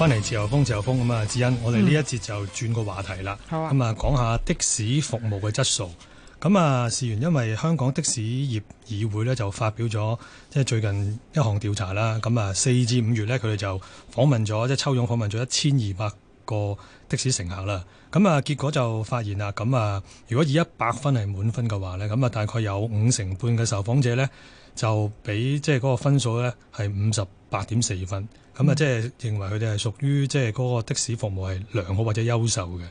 翻嚟自由風，自由風咁啊！智恩，我哋呢一節就轉個話題啦。好啊！咁啊，講下的士服務嘅質素。咁啊，事緣因為香港的士業議會呢就發表咗，即係最近一項調查啦。咁啊，四至五月呢，佢哋就訪問咗，即係抽樣訪問咗一千二百個的士乘客啦。咁啊，結果就發現啦，咁啊，如果以一百分係滿分嘅話呢，咁啊，大概有五成半嘅受訪者呢，就俾即係嗰個分數呢，係五十八點四分。咁啊，即係認為佢哋係屬於即係嗰個的士服務係良好或者優秀嘅。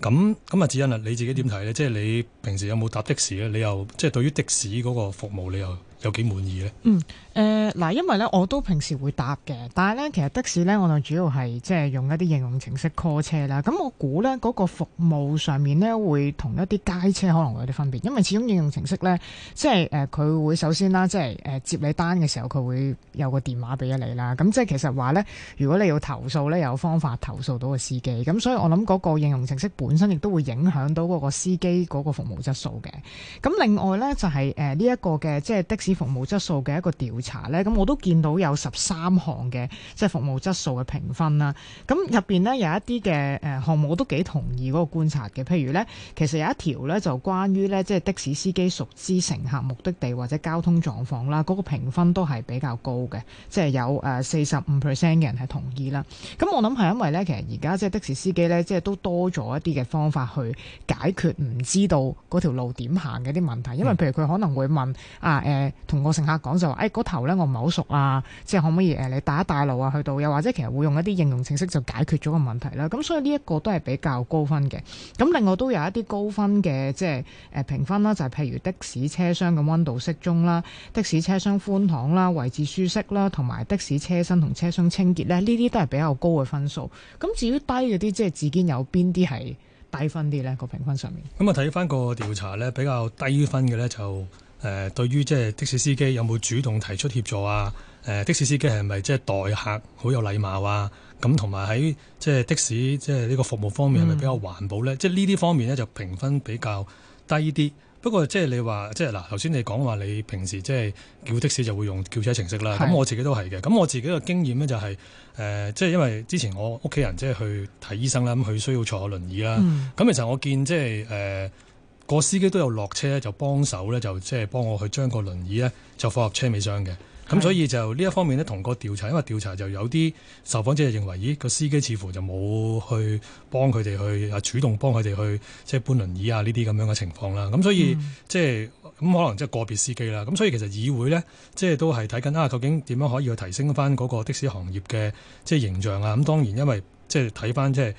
咁咁啊，志恩啊，你自己點睇咧？即係你平時有冇搭的士咧？你又即係對於的士嗰個服務，你又有幾滿意呢？嗯誒嗱、呃，因為咧我都平時會搭嘅，但係咧其實的士咧我就主要係即係用一啲應用程式 call 車啦。咁我估咧嗰個服務上面咧會同一啲街車可能會有啲分別，因為始終應用程式咧即係誒佢會首先啦，即係誒接你單嘅時候佢會有個電話俾咗你啦。咁即係其實話咧，如果你要投訴咧，有方法投訴到個司機。咁所以我諗嗰個應用程式本身亦都會影響到嗰個司機嗰個服務質素嘅。咁另外咧就係誒呢一個嘅即係的士。啲服務質素嘅一個調查呢，咁我都見到有十三項嘅即係服務質素嘅評分啦。咁入邊呢，有一啲嘅誒項目我都幾同意嗰個觀察嘅。譬如呢，其實有一條呢，就關於呢，即係的士司機熟知乘客目的地或者交通狀況啦。嗰個評分都係比較高嘅，即係有誒四十五 percent 嘅人係同意啦。咁我諗係因為呢，其實而家即係的士司機呢，即係都多咗一啲嘅方法去解決唔知道嗰條路點行嘅啲問題。因為譬如佢可能會問、嗯、啊誒。呃同個乘客講就話：誒嗰頭咧，我唔係好熟啊，即係可唔可以你帶一帶路啊？去到又或者其實會用一啲應用程式就解決咗個問題啦。咁所以呢一個都係比較高分嘅。咁另外都有一啲高分嘅即係誒評分啦，就係譬如的士車廂嘅温度適中啦，的士車廂寬敞啦，位置舒適啦，同埋的士車身同車廂清潔咧，呢啲都係比較高嘅分數。咁至於低嗰啲，即係自己有邊啲係低分啲呢？個評分上面。咁啊，睇翻個調查呢，比較低分嘅呢就。誒、呃、對於即係的士司機有冇主動提出協助啊？誒、呃、的士司機係咪即係待客好有禮貌啊？咁同埋喺即係的士即係呢個服務方面係咪比較環保呢？即係呢啲方面呢，就評分比較低啲。不過即係你話即係嗱頭先你講話你平時即係叫的士就會用叫車程式啦。咁我自己都係嘅。咁我自己嘅經驗呢、就係呃，就係誒即係因為之前我屋企人即係去睇醫生啦，咁佢需要坐輪椅啦。咁、嗯、其實我見即係誒。呃個司機都有落車咧，就幫手咧，就即係幫我去將個輪椅咧就放入車尾箱嘅。咁所以就呢一方面呢，同個調查，因為調查就有啲受訪者認為，咦個司機似乎就冇去幫佢哋去啊主動幫佢哋去即係搬輪椅啊呢啲咁樣嘅情況啦。咁所以、嗯、即係咁可能即係個別司機啦。咁所以其實議會呢，即係都係睇緊啊，究竟點樣可以去提升翻嗰個的士行業嘅即係形象啊？咁當然因為。即係睇翻即係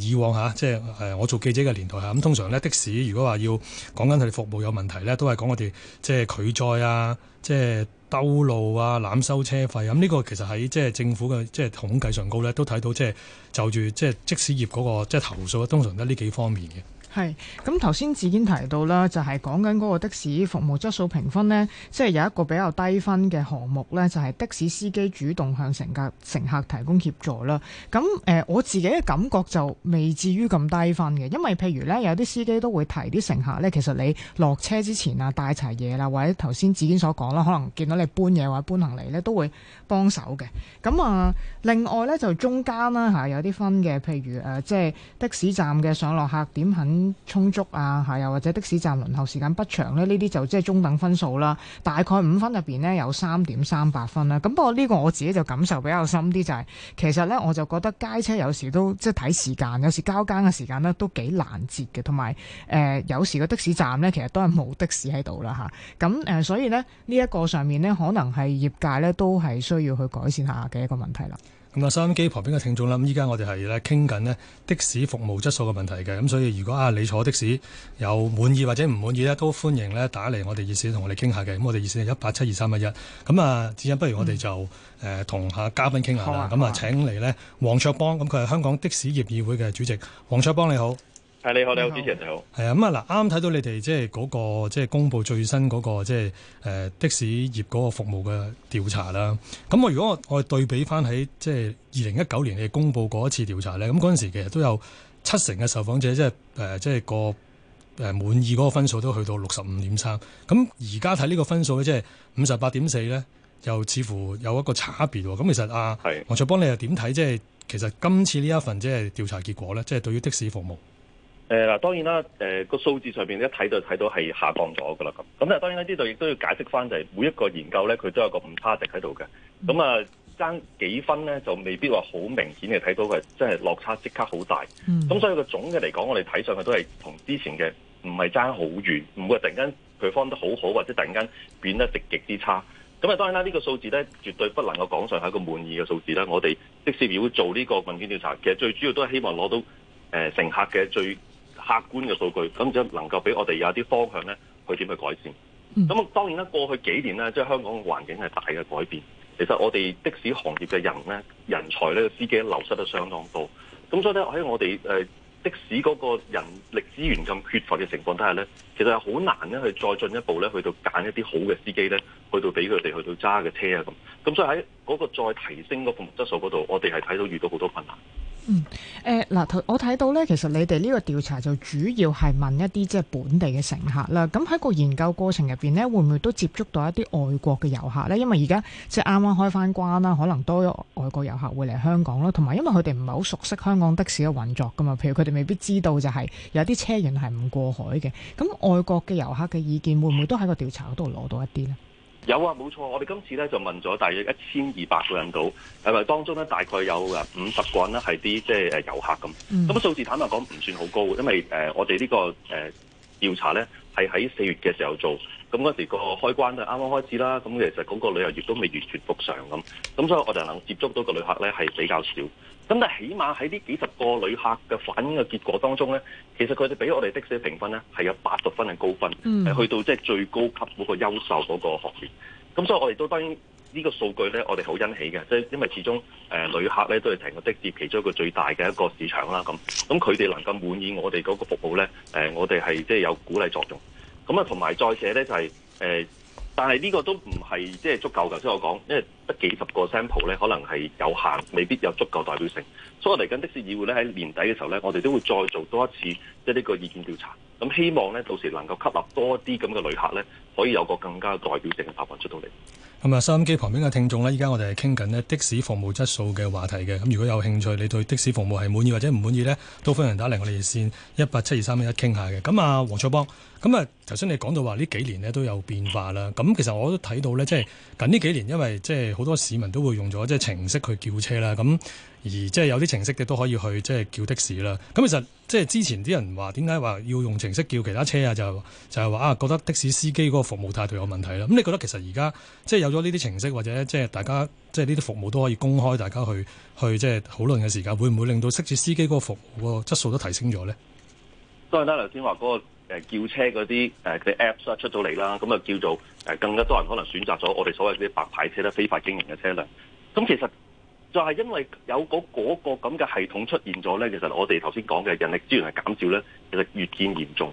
以往下，即係我做記者嘅年代嚇。咁通常咧的士如果話要講緊佢哋服務有問題咧，都係講我哋即係拒載啊，即係兜路啊，濫收車費。咁呢個其實喺即係政府嘅即係統計上高咧，都睇到即係就住即係的士業嗰個即係投訴，通常都係呢幾方面嘅。係，咁頭先子堅提到啦，就係、是、講緊嗰個的士服務質素評分呢即係、就是、有一個比較低分嘅項目呢就係、是、的士司機主動向乘客乘客提供協助啦。咁、呃、我自己嘅感覺就未至於咁低分嘅，因為譬如呢，有啲司機都會提啲乘客呢，其實你落車之前啊，帶齊嘢啦，或者頭先子堅所講啦，可能見到你搬嘢或者搬行李呢，都會幫手嘅。咁啊、呃，另外呢，就中間啦嚇、啊，有啲分嘅，譬如即係、呃就是、的士站嘅上落客點肯充足啊，吓又或者的士站輪候時間不長呢，呢啲就即係中等分數啦。大概五分入邊呢，有三點三八分啦。咁不過呢個我自己就感受比較深啲、就是，就係其實呢，我就覺得街車有時都即係睇時間，有時交更嘅時間呢都幾難截嘅，同埋誒有時個的，的士站呢，其實都係冇的士喺度啦吓。咁誒所以呢，呢、這、一個上面呢，可能係業界呢都係需要去改善下嘅一個問題啦。咁啊收音機旁邊嘅聽眾啦，咁依家我哋係咧傾緊呢的士服務質素嘅問題嘅，咁所以如果啊你坐的士有滿意或者唔滿意咧，都歡迎咧打嚟我哋熱線同我哋傾下嘅，咁我哋熱線係一八七二三一一。咁啊，志欣不如我哋就誒，同下嘉賓傾下啦，咁、嗯、啊請嚟呢黃卓邦，咁佢係香港的士業議會嘅主席，黃卓邦你好。誒，你好，你好，主持人你好。係、嗯、啊，咁啊嗱，啱啱睇到你哋即係嗰個即係公布最新嗰個即係誒的士業嗰個服務嘅調查啦。咁我如果我我對比翻喺即係二零一九年你哋公布過一次調查咧，咁嗰陣時其實都有七成嘅受訪者即係誒即係個誒滿意嗰個分數都去到六十五點三。咁而家睇呢個分數即係五十八點四咧，又似乎有一個差別。咁其實啊，黃卓邦，你又點睇即係其實今次呢一份即係調查結果咧？即係對於的士服務？誒嗱，當然啦，誒、呃、個數字上面一睇就睇到係下降咗噶啦咁。咁啊，當然咧呢度亦都要解釋翻，就係每一個研究呢，佢都有個誤差值喺度嘅。咁啊，爭幾分呢，就未必話好明顯嘅睇到佢，即係真係落差即刻好大。咁所以個總嘅嚟講，我哋睇上去都係同之前嘅唔係爭好遠，唔會突然間 perform 得好好，或者突然間變得直極之差。咁啊，當然啦，呢、這個數字呢，絕對不能夠講上係一個滿意嘅數字啦。我哋即使如果做呢個問卷調查，其實最主要都係希望攞到誒、呃、乘客嘅最。客觀嘅數據，咁就能夠俾我哋有一啲方向咧，去點去改善。咁啊，當然啦，過去幾年咧，即係香港嘅環境係大嘅改變。其實我哋的士行業嘅人咧，人才咧，司機流失得相當多。咁所以咧，喺我哋誒的士嗰個人力資源咁缺乏嘅情況底下咧。其實好難咧，去再進一步咧，去到揀一啲好嘅司機咧，去到俾佢哋去到揸嘅車啊咁。咁所以喺嗰個再提升嗰服務質素嗰度，我哋係睇到遇到好多困難。嗯，誒、呃、嗱，我睇到咧，其實你哋呢個調查就主要係問一啲即係本地嘅乘客啦。咁喺個研究過程入邊呢，會唔會都接觸到一啲外國嘅遊客咧？因為而家即係啱啱開翻關啦，可能多咗外國遊客會嚟香港啦。同埋因為佢哋唔係好熟悉香港的士嘅運作噶嘛，譬如佢哋未必知道就係有啲車型係唔過海嘅。咁我外國嘅遊客嘅意見會唔會都喺個調查嗰度攞到一啲呢？有啊，冇錯，我哋今次咧就問咗大約一千二百個人到，係咪當中咧大概有啊五十個人咧係啲即係誒遊客咁。咁啊，數字坦白講唔算好高，因為誒、呃、我哋呢、這個誒、呃、調查咧。係喺四月嘅時候做，咁嗰時個開關就啱啱開始啦。咁其實嗰個旅遊業都未完全復常咁，咁所以我哋能接觸到個旅客咧係比較少。咁但係起碼喺呢幾十個旅客嘅反應嘅結果當中咧，其實佢哋俾我哋的士嘅評分咧係有八十分嘅高分，係、mm. 去到即係最高級嗰個優秀嗰個學別。咁所以我哋都當然。呢、這個數據咧，我哋好欣喜嘅，即係因為始終誒、呃、旅客咧都係成個的士其中一個最大嘅一個市場啦。咁咁佢哋能夠滿意我哋嗰個服務咧，誒、呃、我哋係即係有鼓勵作用。咁啊，同埋再寫咧就係、是、誒、呃，但係呢個都唔係即係足夠。頭先我講，因為得幾十個 sample 咧，可能係有限，未必有足夠代表性。所以嚟緊的士議會咧，喺年底嘅時候咧，我哋都會再做多一次即係呢個意見調查。咁希望咧，到時能夠吸納多啲咁嘅旅客咧，可以有個更加嘅代表性嘅答案出到嚟。咁啊，收音機旁邊嘅聽眾呢，依家我哋係傾緊呢的士服務質素嘅話題嘅。咁如果有興趣，你對的士服務係滿意或者唔滿意咧，都歡迎打嚟我哋熱線一八七二三一一傾下嘅。咁啊，黃卓邦，咁啊，頭先你講到話呢幾年咧都有變化啦。咁其實我都睇到咧，即係近呢幾年，因為即係。好多市民都會用咗即係程式去叫車啦，咁而即係有啲程式嘅都可以去即係叫的士啦。咁其實即係之前啲人話點解話要用程式叫其他車啊？就就係話啊，覺得的士司機嗰個服務態度有問題啦。咁你覺得其實而家即係有咗呢啲程式或者即係大家即係呢啲服務都可以公開，大家去去即係討論嘅時間，會唔會令到識住司機嗰個服務個質素都提升咗呢？都係啦，頭先話嗰個。誒叫車嗰啲誒嘅 Apps 出咗嚟啦，咁啊叫做誒更加多人可能選擇咗我哋所謂啲白牌車咧、非法經營嘅車輛，咁其實就係因為有嗰個咁嘅系統出現咗咧，其實我哋頭先講嘅人力資源係減少咧，其實越見嚴重。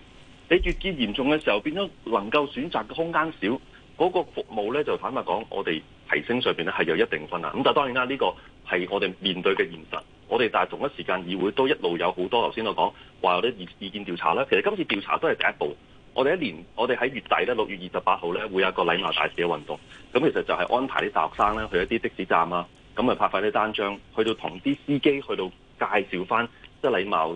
你越見嚴重嘅時候，變咗能夠選擇嘅空間少，嗰個服務咧就坦白講，我哋提升上邊咧係有一定困難。咁但係當然啦，呢個係我哋面對嘅現實。我哋但係同一時間，議會都一路有好多頭先我講話啲意意見調查啦。其實今次調查都係第一步。我哋一年，我哋喺月底咧，六月二十八號咧，會有一個禮貌大使嘅運動。咁其實就係安排啲大學生咧去一啲的士站啊，咁啊拍快啲單張，去到同啲司機去到介紹翻即係禮貌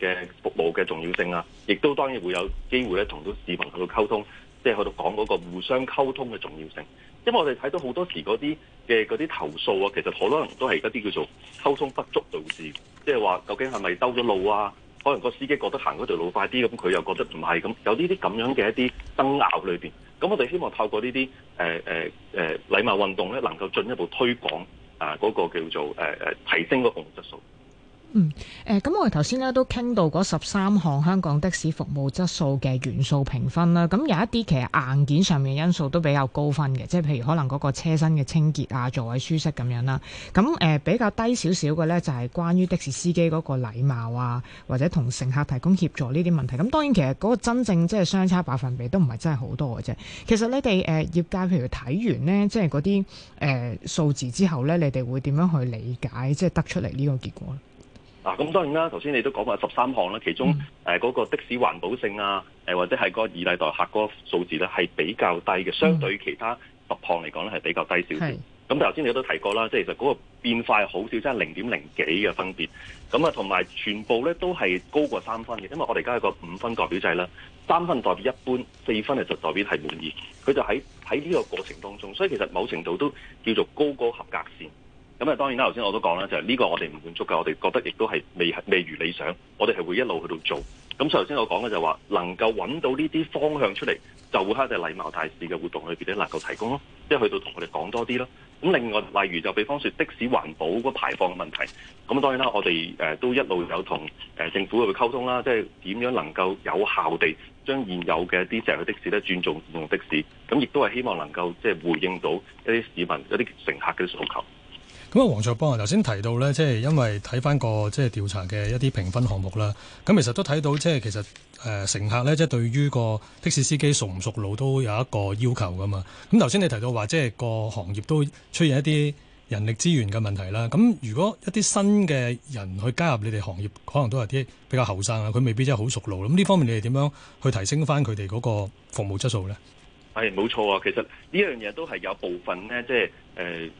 嘅服務嘅重要性啊。亦都當然會有機會咧，同到市民去到溝通，即係去到講嗰個互相溝通嘅重要性。因為我哋睇到好多時嗰啲嘅嗰啲投訴啊，其實好多人都係一啲叫做溝通不足導致，即係話究竟係咪兜咗路啊？可能個司機覺得行嗰條路快啲，咁佢又覺得唔係，咁有呢啲咁樣嘅一啲爭拗裏面。咁我哋希望透過呢啲誒誒禮貌運動咧，能夠進一步推廣啊嗰、呃那個叫做誒誒、呃、提升個服務質素。嗯，誒、呃，咁我哋頭先咧都傾到嗰十三項香港的士服務質素嘅元素評分啦。咁有一啲其實硬件上面嘅因素都比較高分嘅，即係譬如可能嗰個車身嘅清潔啊、座位舒適咁樣啦。咁誒、呃，比較低少少嘅咧就係關於的士司機嗰個禮貌啊，或者同乘客提供協助呢啲問題。咁當然其實嗰個真正即係相差百分比都唔係真係好多嘅啫。其實你哋誒、呃、業界譬如睇完呢，即係嗰啲誒數字之後咧，你哋會點樣去理解即係、就是、得出嚟呢個結果咧？嗱、啊，咁當然啦，頭先你都講話十三項啦，其中誒嗰、嗯呃嗰個的士環保性啊，呃、或者係個二例代客嗰個數字咧，係比較低嘅，相對於其他十項嚟講咧係比較低少少。咁頭先你都提過啦，即係其實嗰個變化好少，即係零點零幾嘅分別。咁啊，同埋全部咧都係高過三分嘅，因為我哋而家有個五分代表制啦，三分代表一般，四分就代表係滿意。佢就喺喺呢個過程當中，所以其實某程度都叫做高過合格線。咁啊，當然啦，頭先我都講啦，就係呢個我哋唔滿足嘅，我哋覺得亦都係未未如理想，我哋係會一路去到做。咁所以頭先我講嘅就話，能夠揾到呢啲方向出嚟，就會喺啲禮貌大使嘅活動裏邊咧，能夠提供咯，即係去到同佢哋講多啲咯。咁另外，例如就比方說的士環保個排放嘅問題，咁當然啦，我哋都一路有同政府去溝通啦，即係點樣能夠有效地將現有嘅啲成日嘅的士咧轉做用的士，咁亦都係希望能夠即係回應到一啲市民一啲乘客嘅訴求。咁啊，黃卓邦啊，頭先提到咧，即係因為睇翻個即係調查嘅一啲評分項目啦。咁其實都睇到，即係其實誒乘客咧，即係對於個的士司機熟唔熟路都有一個要求㗎嘛。咁頭先你提到話，即係個行業都出現一啲人力資源嘅問題啦。咁如果一啲新嘅人去加入你哋行業，可能都係啲比較後生啊，佢未必真係好熟路。咁呢方面你哋點樣去提升翻佢哋嗰個服務質素咧？係冇錯啊，其實呢樣嘢都係有部分咧，即係誒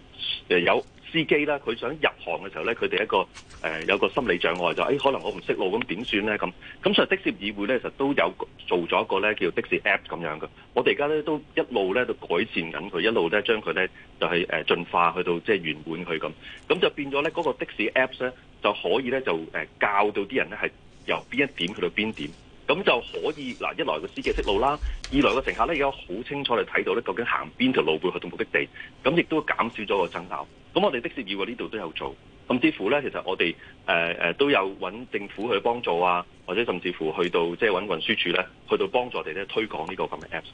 誒有。司機呢，佢想入行嘅時候咧，佢哋一個誒、呃、有個心理障礙就誒、哎，可能我唔識路咁點算咧咁咁。所以的士議會咧，其實都有做咗一個咧叫的士 app 咁樣嘅。我哋而家咧都一路咧就改善緊佢，一路咧將佢咧就係、是、誒進化去到即係圓滿佢咁咁就變咗咧嗰個的士 app 咧就可以咧就誒教到啲人咧係由邊一點去到邊點咁就可以嗱一來個司機識路啦，二來個乘客咧而家好清楚地睇到咧究竟行邊條路會去到目的地咁，亦都減少咗個爭拗。咁我哋的士業呢度都有做，咁甚至乎咧，其實我哋誒誒都有揾政府去幫助啊，或者甚至乎去到即係揾運輸署咧，去到幫助我哋咧推廣呢個咁嘅 Apps。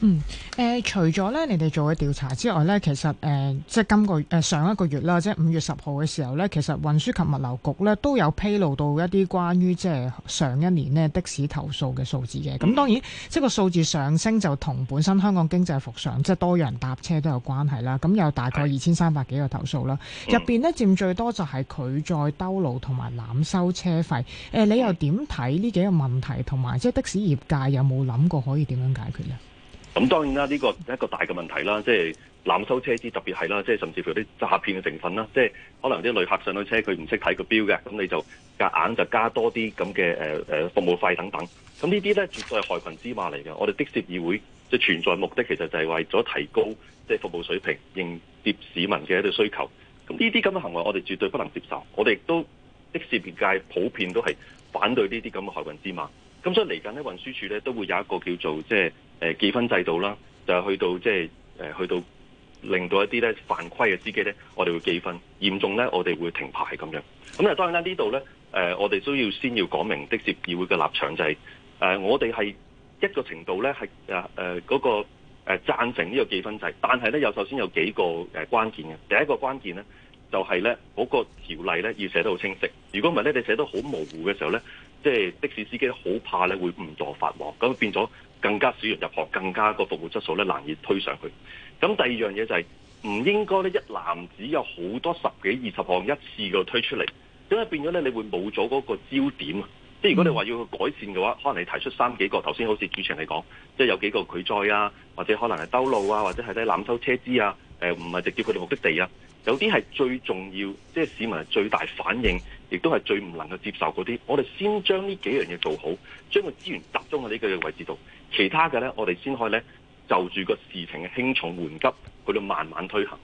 嗯，誒、呃，除咗咧，你哋做嘅調查之外咧，其實誒、呃，即係今個誒、呃、上一個月啦，即係五月十號嘅時候咧，其實運輸及物流局咧都有披露到一啲關於即係上一年呢的士投訴嘅數字嘅。咁當然，嗯、即係個數字上升就同本身香港經濟復常，即係多人搭車都有關係啦。咁有大概二千三百幾個投訴啦，入、嗯、邊呢佔最多就係佢再兜路同埋濫收車費。誒、嗯呃，你又點睇呢幾個問題，同埋即係的士業界有冇諗過可以點樣解決呢？咁當然啦，呢個一個大嘅問題啦，即係濫收車資，特別係啦，即係甚至乎啲詐騙嘅成分啦，即係可能啲旅客上咗車佢唔識睇個標嘅，咁你就夾硬就加多啲咁嘅誒服務費等等。咁呢啲咧絕對係害羣之馬嚟嘅。我哋的士議會即係存在的目的其實就係為咗提高即係服務水平，迎接市民嘅一啲需求。咁呢啲咁嘅行為我哋絕對不能接受。我哋亦都的士業界普遍都係反對呢啲咁嘅害羣之馬。咁所以嚟緊咧運輸署咧都會有一個叫做即誒、呃、記分制度啦，就去到即係、就是呃、去到令到一啲咧犯規嘅司機咧，我哋會記分，嚴重咧我哋會停牌咁樣。咁、嗯、啊當然啦，呢度咧誒我哋都要先要講明的士議會嘅立場就係、是呃、我哋係一個程度咧係啊嗰個誒贊成呢個記分制，但係咧又首先有幾個誒關鍵嘅。第一個關鍵咧就係咧嗰個條例咧要寫得好清晰。如果唔係咧你寫得好模糊嘅時候咧，即、就、係、是、的士司機好怕咧會誤墮法網咁變咗。更加少人入行，更加個服務質素咧難以推上去。咁第二樣嘢就係、是、唔應該咧一籃子有好多十幾二十項一次個推出嚟，點解變咗咧你會冇咗嗰個焦點。即係如果你話要改善嘅話，可能你提出三幾個頭先好似主持人你講，即、就、係、是、有幾個拒載啊，或者可能係兜路啊，或者係咧濫收車資啊，誒唔係直接佢哋目的地啊。有啲係最重要，即、就、係、是、市民係最大反應，亦都係最唔能夠接受嗰啲。我哋先將呢幾樣嘢做好，將個資源集中喺呢個位置度。其他嘅咧，我哋先可以咧就住個事情嘅輕重緩急去到慢慢推行。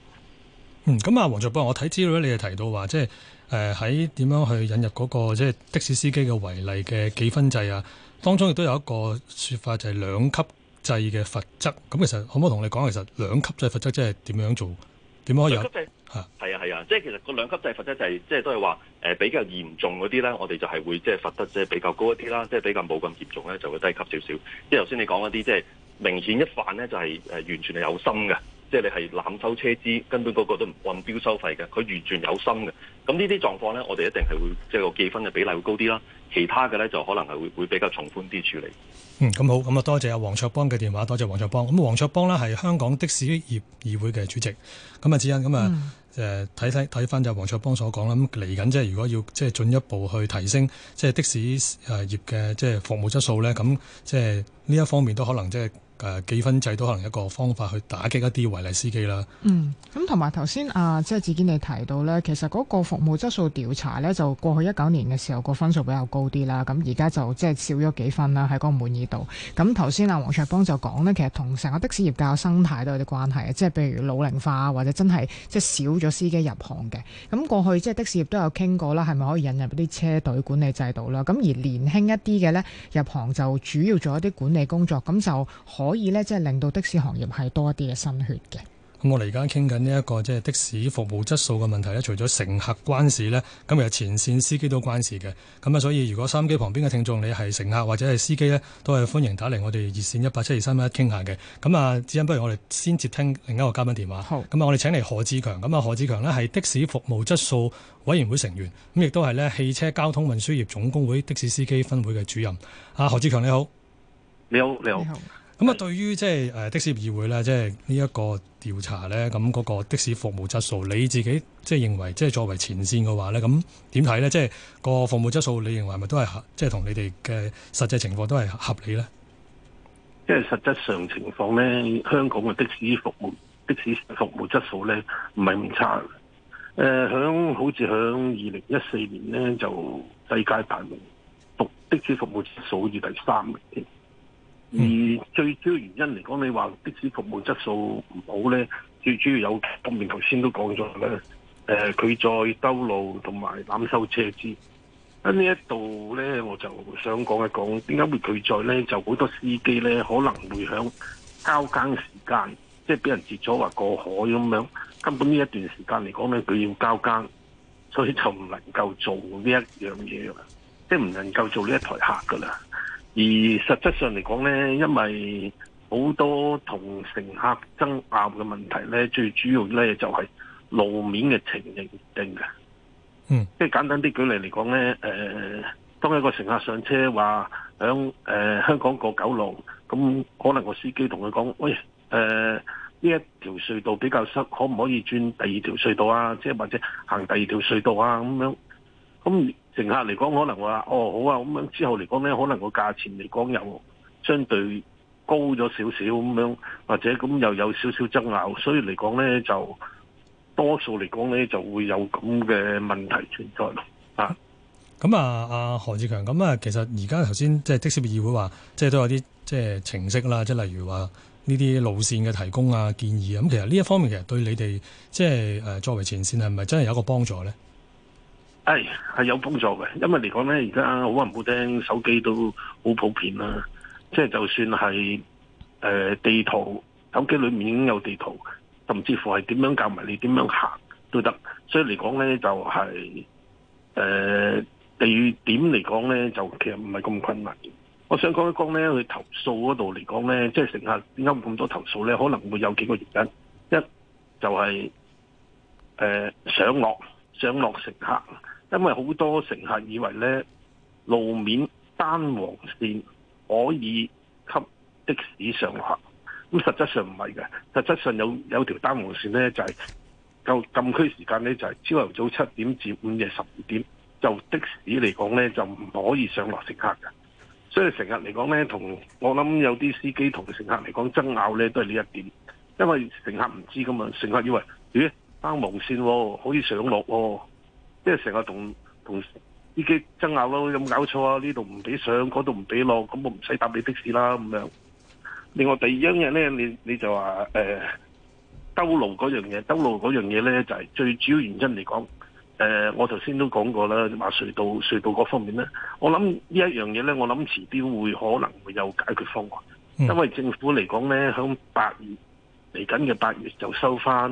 嗯，咁、嗯、啊、嗯，黃卓邦，我睇資料咧，你係提到話，即係誒喺點樣去引入嗰、那個即係的士司機嘅違例嘅記分制啊，當中亦都有一個說法就係、是、兩級制嘅罰則。咁其實可唔可以同你講，其實兩級制罰則即係點樣做？點樣可以？以係啊，啊，係啊，即係其實個兩級制罰則就係、是，即係都係話誒比較嚴重嗰啲咧，我哋就係會即係罰得即係比較高一啲啦，即係比較冇咁嚴重咧就會低級少少。即係頭先你講嗰啲即係明顯一犯咧就係、是、誒、呃、完全係有心嘅。即係你係濫收車資，根本個個都唔按標收費嘅，佢完全有心嘅。咁呢啲狀況咧，我哋一定係會即係個記分嘅比例會高啲啦。其他嘅咧，就可能係會會比較從寬啲處理。嗯，咁好，咁啊，多謝阿黃卓邦嘅電話，多謝黃卓邦。咁黃卓邦呢，係香港的士業議會嘅主席。咁啊，子欣，咁啊，誒睇睇睇翻就黃卓邦所講啦。咁嚟緊即係如果要即係進一步去提升即係的士誒業嘅即係服務質素咧，咁即係呢一方面都可能即係。誒記分制都可能一個方法去打擊一啲違例司機啦。嗯，咁同埋頭先啊，即係志堅你提到呢，其實嗰個服務質素調查呢，就過去一九年嘅時候個分數比較高啲啦。咁而家就即係少咗幾分啦喺嗰個滿意度。咁頭先啊黃卓邦就講呢，其實同成個的士業界嘅生態都有啲關係，即係譬如老齡化或者真係即係少咗司機入行嘅。咁過去即係的士業都有傾過啦，係咪可以引入啲車隊管理制度啦？咁而年輕一啲嘅呢，入行就主要做一啲管理工作，咁就。可以呢，即係令到的士行業係多啲嘅新血嘅。咁我哋而家傾緊呢一個即係的士服務質素嘅問題呢，除咗乘客關事呢，咁其實前線司機都關事嘅。咁啊，所以如果收音機旁邊嘅聽眾，你係乘客或者係司機呢，都係歡迎打嚟我哋熱線一八七二三一一傾下嘅。咁啊，智欣，不如我哋先接聽另一個嘉賓電話。好，咁啊，我哋請嚟何志強。咁啊，何志強呢，係的士服務質素委員會成員，咁亦都係呢汽車交通運輸業總工會的士司機分會嘅主任。啊，何志強你好，你好你好。你好咁啊，對於即係誒的士業議會咧，即係呢一個調查咧，咁、那、嗰個的士服務質素，你自己即係認為，即係作為前線嘅話咧，咁點睇咧？即、就、係、是、個服務質素，你認為係咪都係即係同你哋嘅實際情況都係合理咧？即係實質上情況咧，香港嘅的，的士服務，的士服務質素咧，唔係唔差嘅。誒，響好似響二零一四年咧，就世界大同的士服務質素第三名，添。嗯、而最主要原因嚟講，你話的士服務質素唔好咧，最主要有方面，頭先都講咗啦。誒、呃，拒載、兜路同埋濫收車資，喺呢一度咧，我就想講一講點解會拒載咧，就好多司機咧，可能會響交更時間，即係俾人截咗話過海咁樣，根本呢一段時間嚟講咧，佢要交更，所以就唔能夠做呢一樣嘢，即係唔能夠做呢一台客噶啦。而實質上嚟講呢，因為好多同乘客爭拗嘅問題呢，最主要呢就係路面嘅情形定嘅。嗯，即係簡單啲舉例嚟講呢誒，當一個乘客上車話響、呃、香港過九龍，咁可能個司機同佢講，喂，誒、呃、呢一條隧道比較塞，可唔可以轉第二條隧道啊？即係或者行第二條隧道啊咁樣，咁。乘客嚟講，可能話哦好啊，咁樣之後嚟講咧，可能個價錢嚟講又相對高咗少少咁樣，或者咁又有少少爭拗，所以嚟講咧就多數嚟講咧就會有咁嘅問題存在咯啊。咁啊啊，何志強，咁啊其實而家頭先即係的士議會話，即係都有啲即係程式啦，即係例如話呢啲路線嘅提供啊、建議啊，咁其實呢一方面其實對你哋即係誒作為前線係咪真係有一個幫助咧？係、哎、係有幫助嘅，因為嚟講咧，而家好話唔好聽，手機都好普遍啦，啊。即、就、係、是、就算係誒、呃、地圖，手機裏面已經有地圖，甚至乎係點樣教埋你點樣行都得。所以嚟講咧，就係、是、誒、呃、地點嚟講咧，就其實唔係咁困難。我想講一講咧，佢投訴嗰度嚟講咧，即、就、係、是、乘客點解咁多投訴咧，可能會有幾個原因，一就係誒上落上落乘客。因為好多乘客以為呢路面單黃線可以給的士上客，咁實質上唔係嘅。實質上有有條單黃線呢就係、是、夠禁區時間呢，就係朝頭早七點至午夜十二點，就的士嚟講呢，就唔可以上落乘客嘅。所以乘客嚟講呢，同我諗有啲司機同乘客嚟講爭拗呢都係呢一點，因為乘客唔知噶嘛，乘客以為咦單黃線可、哦、以上落喎、哦。即係成日同同司機爭拗咯，有冇搞錯啊？呢度唔俾上，嗰度唔俾落，咁我唔使搭你的士啦咁樣。另外第二樣嘢咧，你你就話誒兜路嗰樣嘢，兜路嗰樣嘢咧就係、是、最主要原因嚟講。誒、呃，我頭先都講過啦，話隧道隧道嗰方面咧，我諗呢一樣嘢咧，我諗遲啲會可能會有解決方案，嗯、因為政府嚟講咧，響八月嚟緊嘅八月就收翻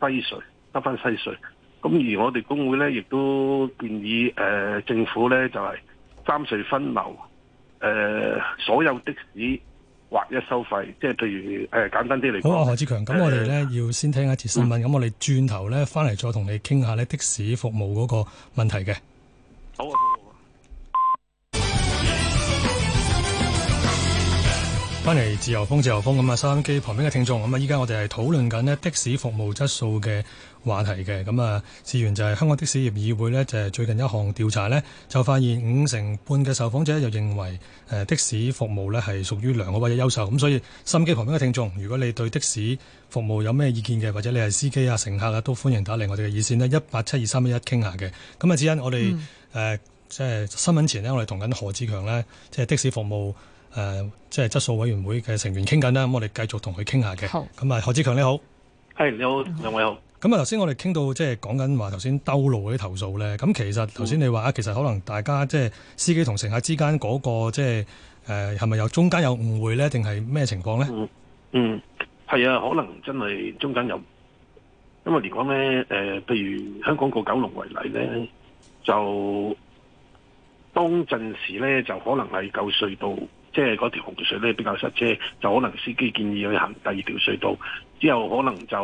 低稅，收翻低稅。咁而我哋工會咧，亦都建議誒、呃、政府咧，就係、是、三隧分流，誒、呃、所有的士劃一收費，即係譬如誒簡單啲嚟講，好啊，何志強，咁、呃、我哋咧要先聽一節新聞，咁、呃、我哋轉頭咧翻嚟再同你傾下咧的士服務個問題嘅。好啊。翻嚟自由風，自由風，咁啊！收音機旁邊嘅聽眾，咁啊！依家我哋係討論緊呢的士服務質素嘅話題嘅，咁啊！事源就係香港的士業議會呢，就係最近一項調查呢，就發現五成半嘅受訪者又認為誒的士服務呢係屬於良好或者優秀，咁所以收音機旁邊嘅聽眾，如果你對的士服務有咩意見嘅，或者你係司機啊、乘客啊，都歡迎打嚟我哋嘅熱線呢，一八七二三一一傾下嘅。咁、嗯、啊，只因我哋誒即係新聞前呢，我哋同緊何志強呢，即係的士服務。誒、呃，即係質素委員會嘅成員傾緊啦，咁我哋繼續同佢傾下嘅。好，咁啊，何志強你好，係你好、嗯、兩位好。咁啊，頭先我哋傾到即係講緊話頭先兜路嗰啲投訴咧，咁其實頭先你話啊、嗯，其實可能大家即係、就是、司機同乘客之間嗰、那個即係誒係咪有中間有誤會咧，定係咩情況咧？嗯係、嗯、啊，可能真係中間有，因為嚟講咧，誒、呃，譬如香港過九龍為例咧、嗯，就當陣時咧就可能係舊隧道。即係嗰條紅隧咧比較塞車，就可能司機建議去行第二條隧道，之後可能就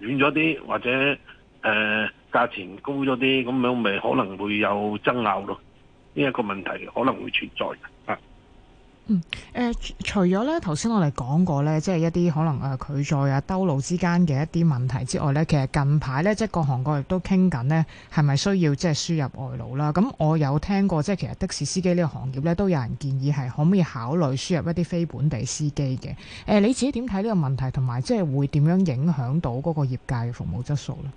遠咗啲，或者誒、呃、價錢高咗啲，咁樣咪可能會有爭拗咯。呢、這、一個問題可能會存在啊。嗯，呃、除咗咧，頭先我哋講過呢，即係一啲可能誒，拒載啊兜路之間嘅一啲問題之外呢，其實近排呢，即係各行各業都傾緊呢，係咪需要即係輸入外勞啦？咁我有聽過，即係其實的士司機呢個行業呢，都有人建議係可唔可以考慮輸入一啲非本地司機嘅？誒、呃，你自己點睇呢個問題，同埋即係會點樣影響到嗰個業界嘅服務質素呢？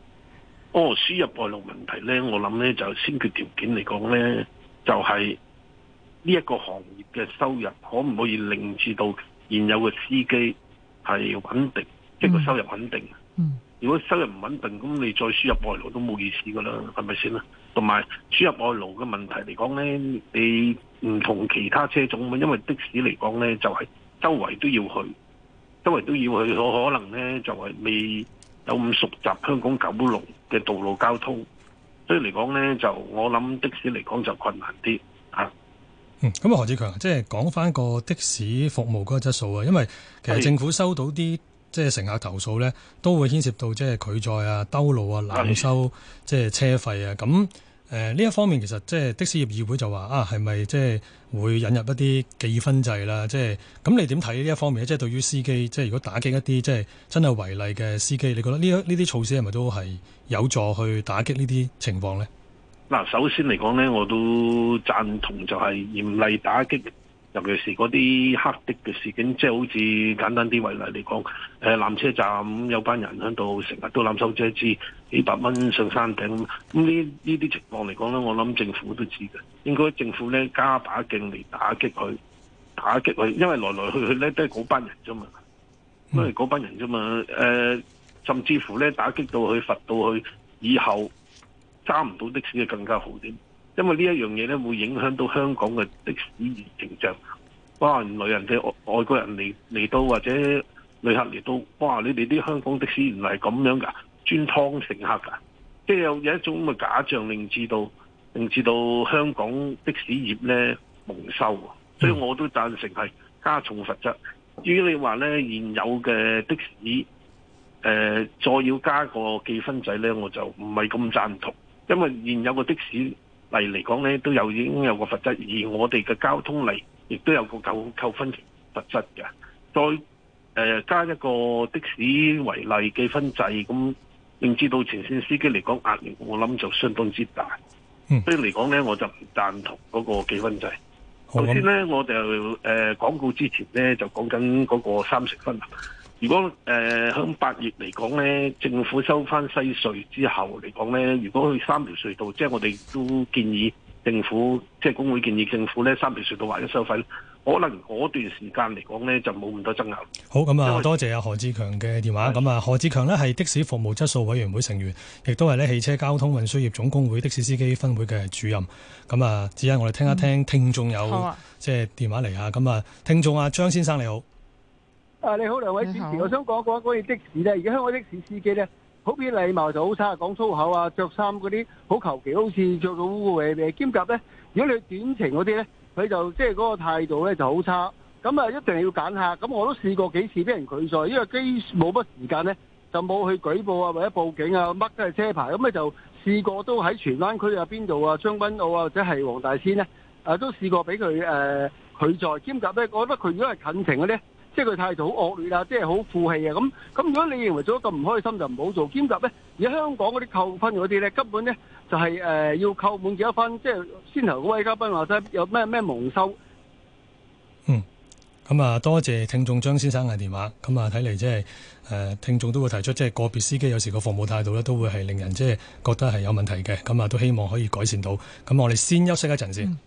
哦，輸入外勞問題呢，我諗呢，就先決條件嚟講呢，就係、是。呢一個行業嘅收入可唔可以令至到現有嘅司機係穩定，即係個收入穩定？嗯，如果收入唔穩定，咁你再輸入外勞都冇意思噶啦，係咪先啦？同埋輸入外勞嘅問題嚟講呢，你唔同其他車種，因為的士嚟講呢，就係周圍都要去，周圍都要去，我可能呢，就係未有咁熟習香港九龍嘅道路交通，所以嚟講呢，就我諗的士嚟講就困難啲啊。嗯，咁啊，何志強啊，即係講翻個的士服務嗰個質素啊，因為其實政府收到啲即係乘客投訴咧，都會牽涉到即係拒載啊、兜路啊、濫收即係車費啊。咁誒呢一方面其實即係的士業議會就話啊，係咪即係會引入一啲記分制啦？即係咁你點睇呢一方面咧？即係對於司機，即係如果打擊一啲即係真係違例嘅司機，你覺得呢呢啲措施係咪都係有助去打擊呢啲情況咧？嗱，首先嚟講咧，我都贊同就係嚴厲打擊，尤其是嗰啲黑的嘅事件，即係好似簡單啲為例嚟講，誒、呃，纜車站有班人喺度成日都攬手遮支，幾百蚊上山頂咁，呢呢啲情況嚟講咧，我諗政府都知嘅，應該政府咧加把勁嚟打擊佢，打擊佢，因為來來去去咧都係嗰班人啫嘛，都係嗰班人啫嘛、呃，甚至乎咧打擊到佢罰到佢以後，揸唔到的士嘅更加好啲，因為呢一樣嘢咧會影響到香港嘅的，的士業形象。哇！女人哋外國人嚟嚟到或者旅客嚟到，哇！你哋啲香港的士原來係咁樣噶，啊，專劏乘客㗎，啊，即係有有一種咁嘅假象，令至到令至到香港的士業咧蒙羞。所以我都贊成係加重罰則。至於你話咧現有嘅的，的士，誒、呃、再要加個記分仔咧，我就唔係咁贊同。因為現有個的士例嚟講咧，都有已經有個罰則，而我哋嘅交通例亦都有個扣扣分罰則嘅。再誒、呃、加一個的士為例記分制，咁令至到前線司機嚟講壓力，我諗就相當之大。嗯，所以嚟講咧，我就唔贊同嗰個記分制。頭先咧，我就誒廣告之前咧，就講緊嗰個三十分。如果誒，響、呃、八月嚟講咧，政府收翻西隧之後嚟講咧，如果去三條隧道，即係我哋都建議政府，即係工會建議政府咧，三條隧道或者收費，可能嗰段時間嚟講咧就冇咁多爭拗。好咁啊、嗯，多謝阿何志強嘅電話。咁啊，何志強咧係的士服務質素委員會成員，亦都係咧汽車交通運輸業總工會的士司機分會嘅主任。咁啊，只係我哋聽一聽聽眾、嗯、有即係電話嚟啊。咁啊，聽眾啊，張先生你好。啊！你好，兩位主持，我想講一講嗰啲的士咧。而家香港的士司機咧，普遍禮貌就好差，講粗口啊，著衫嗰啲好求其，好似著到誒誒兼夾咧。如果你短程嗰啲咧，佢就即係嗰個態度咧就好差。咁啊，一定要揀客。咁我都試過幾次俾人拒載，因為機冇乜時間咧，就冇去舉報啊，或者報警啊，mark 低車牌咁咧，就試過都喺荃灣區啊，邊度啊，將軍澳啊，或者係黃大仙咧，啊都試過俾佢誒拒載兼夾咧。我覺得佢如果係近程嗰啲。即係佢態度好惡劣啦，即係好負氣啊！咁咁如果你認為做得咁唔開心，就唔好做兼職咧。而家香港嗰啲扣分嗰啲呢，根本呢就係、是、誒、呃、要扣滿幾多分？即、就、係、是、先頭嗰位嘉賓話齋有咩咩蒙羞？嗯，咁、嗯、啊，多謝聽眾張先生嘅電話。咁、嗯、啊，睇嚟即係誒聽眾都會提出，即、就、係、是、個別司機有時個服務態度呢，都會係令人即係覺得係有問題嘅。咁、嗯、啊、嗯，都希望可以改善到。咁、嗯、我哋先休息一陣先。嗯。